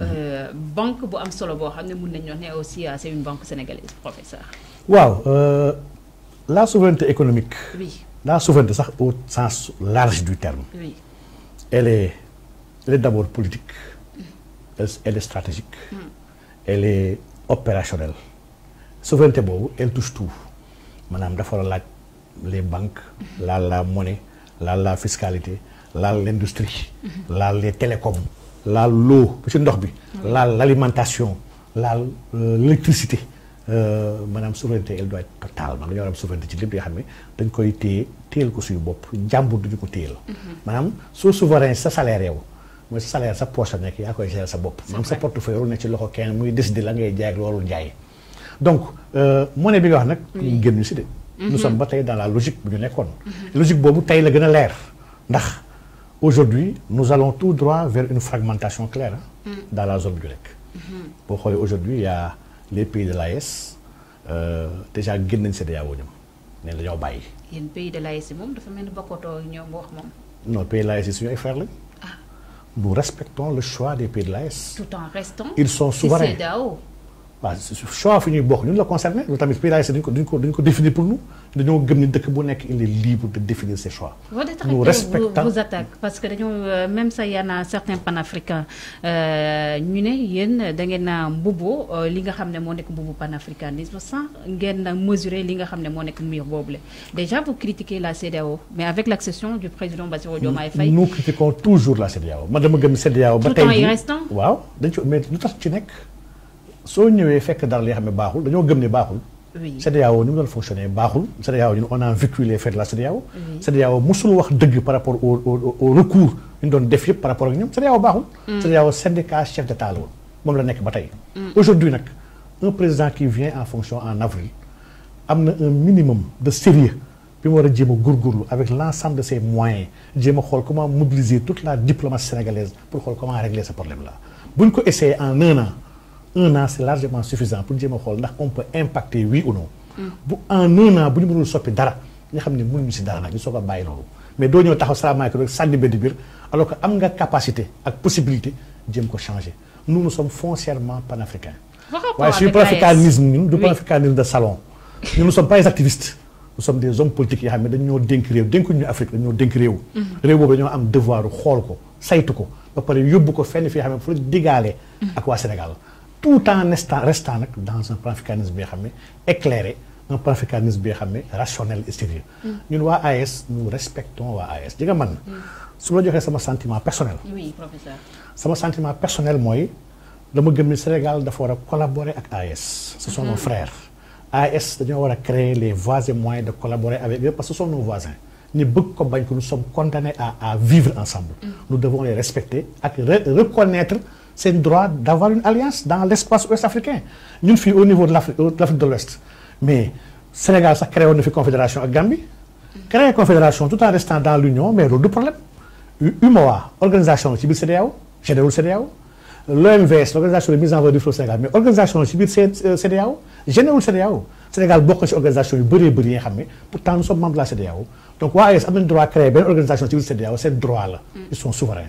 Euh, banque bu am solo boo aussi euh, c'est une banque sénégalaise professeur. waaw euh, la souveraineté économique. oui la souveraineté au sens large du terme. oui elle est elle est d'abord politique. Mm. elle est stratégique. Mm. elle est opérationnelle. souveraineté boobu elle touche tout maanaam dafa laaj les banques laal la monnaie laal la fiscalité laal l'industrie mm-hmm. laal les télécoms laal l'eau ci ndox bi la l'alimentation la euh, l'électricité Euh, maanaam souveraineté elle doit être totale maanaam dañoo am souveraineté ci lépp yoo xam dañ koy téye téel ko suñu bop jàmbur duñ ko téyel manam mhm. soo souverain sa salaire yow mooy salaire sa poche nek ya koy gérer sa bop maanaam sa portefeuille warul nekk ci loxo kenn muy dess di la ngay jaay ak loolu jaay donc euh, monnaie bi nga wax nak ñu génn ñu si de nous mhm. sommes ba tey dans la logique bu ñu nekkoon mhm. logique bobu tay la gëna a ndax Aujourd'hui, nous allons tout droit vers une fragmentation claire hein, mm. dans la zone grecque. Mm mm-hmm. Pourquoi aujourd'hui, il y a les pays de l'AES, euh, déjà, ils de la Ils de été Il y a des pays de l'AES, ils ont Non, le pays de l'AES, ils frères. Ah. Nous respectons le choix des pays de l'AS. Tout en restant. Ils sont souverains waaw bah, choix fi fini bokk ñun la concerner. loolu tamit PDS c'est ko duñ ko duñ définir pour nous nous gëm ni dëkk bu nekk il est libre de définir ses choix. nous respectons vous attaquez parce que dañoo euh, même ça y en a certains panafricains euh, ñu ne yéen da ngeen a mbubo euh, li nga xam ne nekk mbubu panafricanisme sans ngeen a mesurer li nga xam que moo nekk mur déjà vous critiquez la CDAO, mais avec l'accession du président Bassirou Diomaye Faye. nous critiquons toujours la CDAO. Madame dama gëm CEDEAO. ba tey tout en y restant waaw dañ ci mais lu tax ci nekk soo ñëwee fekk dara li xam ne baaxul dañoo gëm ne baaxul. oui CEDEAO ni mu doon fonctionner baaxul CEDEAO ñun on a vécu les faits de la CEDEAO. oui CEDEAO mosul wax dëgg par rapport au au au recours ñu doon def yëpp par rapport ak ñoom CEDEAO baaxul. Mm. CEDEAO syndicat chef d'état la woon moom la nekk ba tey. Mm. aujourd'hui nag un président qui vient en fonction en avril am na un minimum de sérieux bi mu war a jéem a avec l'ensemble de ses moyens jéem a xool comment mobiliser toute la diplomatie sénégalaise pour xool comment régler ce problème là buñ ko essayé en un an un an c'est largement suffisant pour dire mon ndax on peut impacter oui ou non. bu en un an bu ñu mënul soppi dara ñu xam ne mënuñu dara nag ñu soog a bàyyi loolu mais doo ñëw taxaw salaamaaleykum rek sànni benn biir alors que am nga capacité ak possibilité qu'on ko changer nous nous sommes foncièrement panafricains. waaye suñu panafricanisme nous du panafricanisme de salon. nous ne sommes pas des activistes. nous sommes des hommes politiques yoo xam nos dañoo dénk réew dénkuñu Afrique dañoo dénk réew. Mhm. réew boobu dañoo am devoir xool ko saytu ko ba pare yóbbu ko fenn fii xam ne fu digaale. ak waa Sénégal tout en restant dans un panafricanisme bi nga éclairé un panafricanisme bi rationnel et sérieux mm. ñun wa AS nous respectons wa AS diga nga man mm. su sama sentiment personnel oui professeur sama sentiment personnel moi le gëm ni Sénégal dafa collaborer avec AS ce sont mm-hmm. nos frères AS dañu wara créer les voies et moyens de collaborer avec eux parce que ce sont nos voisins ni bëgg ko bañ nous sommes condamnés à vivre ensemble mm. nous devons les respecter ak reconnaître c'est le droit d'avoir une alliance dans l'espace ouest africain Nous sommes au niveau euh, de l'Afrique de l'Ouest mais le Sénégal ça crée une confédération avec Gambie créer une confédération tout en restant dans l'union mais il a deux problème UMOA organisation la ci biir CEDEAO général CEDEAO l'OMVS l'organisation de mise en valeur du flot Sénégal mais organisation la ci le CEDEAO euh, général CEDEAO Sénégal bokk d'organisations ci organisation pourtant nous sommes membres de la CDAO. donc waa AES a le droit créer une organisation ci CDAO, C'est le droit là. ils sont souverains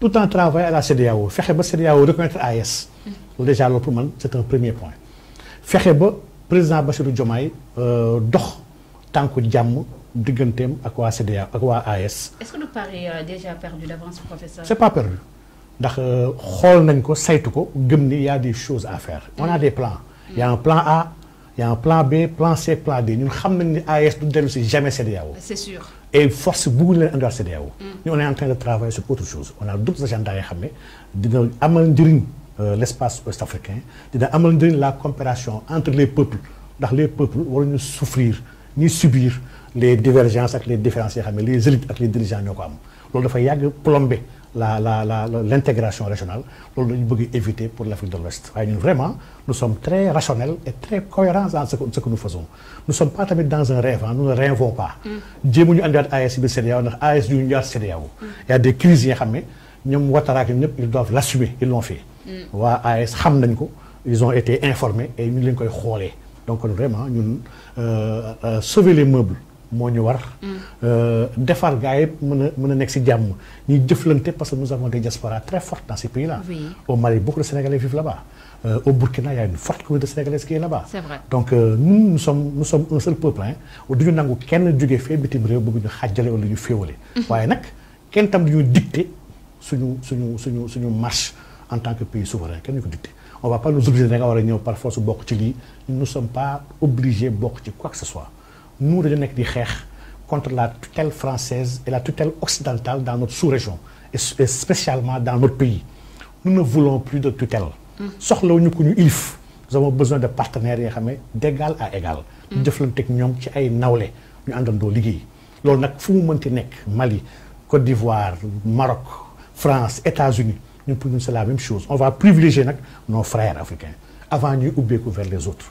tout en travaillant à la CEDEAO que la CDAO, reconnaître AES. déjà c'est un premier point. que le président Bassirou Diomaye euh, dox tànku jàmm digganteem ak quoi CDA, à quoi AS. est ce que nous parions déjà perdu d'avance, professeur. C'est n'est pas perdu ndax il euh, y' a des choses à faire. on a des plans. Il y' a un plan A il y' a un plan B plan C plan D Nous savons que ni AES du jamais CDAO. C'est sûr et force de dans CDAO. CEDEAO. Nous, on est en train de travailler sur autre chose on a d'autres agendas à xam ne euh, l'espace ouest-africain dina la coopération entre les peuples ndax les peuples ne souffrir ni subir les divergences avec les différences les élites avec les dirigeants nous, vont am loolu dafa l'intégration régionale. C'est éviter pour l'Afrique de l'Ouest. Nous, vraiment, nous sommes très rationnels et très cohérents dans ce que, nous faisons. Nous ne sommes pas dans un rêve, hein. nous ne rêvons pas. Mm. nous mm. Il y a des crises, ils doivent l'assumer, ils l'ont fait. Mm. ils ont été informés et nous l'avons Donc vraiment, nous, euh, euh, sauver les meubles, moo ñu war. Euh, defar gaa yëpp mën a mën a nekk si jàmm jëflante parce que nous avons des diasporas très fortes dans ces pays-là. Au Mali beaucoup de Sénégalais vivent là-bas. Euh, au Burkina il y a une forte communauté sénégalaise qui est là-bas. C'est vrai. donc euh, nous nous sommes nous sommes un seul peuple hein du ñu nangu kenn jógee fee bitim réew bëgg ñu xàjjale wala ñu féewale. Mhm. waaye nag kenn tam du ñu dicter suñu suñu suñu suñu marche en tant que pays souverain kenn du ñu ko dicter. on va pas nous obliger da nga war a ñëw par force bokk ci lii nous ne sommes pas obligés bokk ci quoi que ce soit nous dañu nekk di contre la tutelle française et la tutelle occidentale dans notre sous-région et spécialement dans notre pays nous ne voulons plus de tutelle soxlawuñu ku ñu faut. nous avons besoin de partenaires yoo d'égal à égal ñu mm. jëflanteeg ñoom ci ay nous ñu àndandoo liggéey loolu nag fu mu mënti Mali Côte d'Ivoire Maroc France États-Unis nous pouvons faire la même chose on va privilégier nos frères africains avant de oublier vers les autres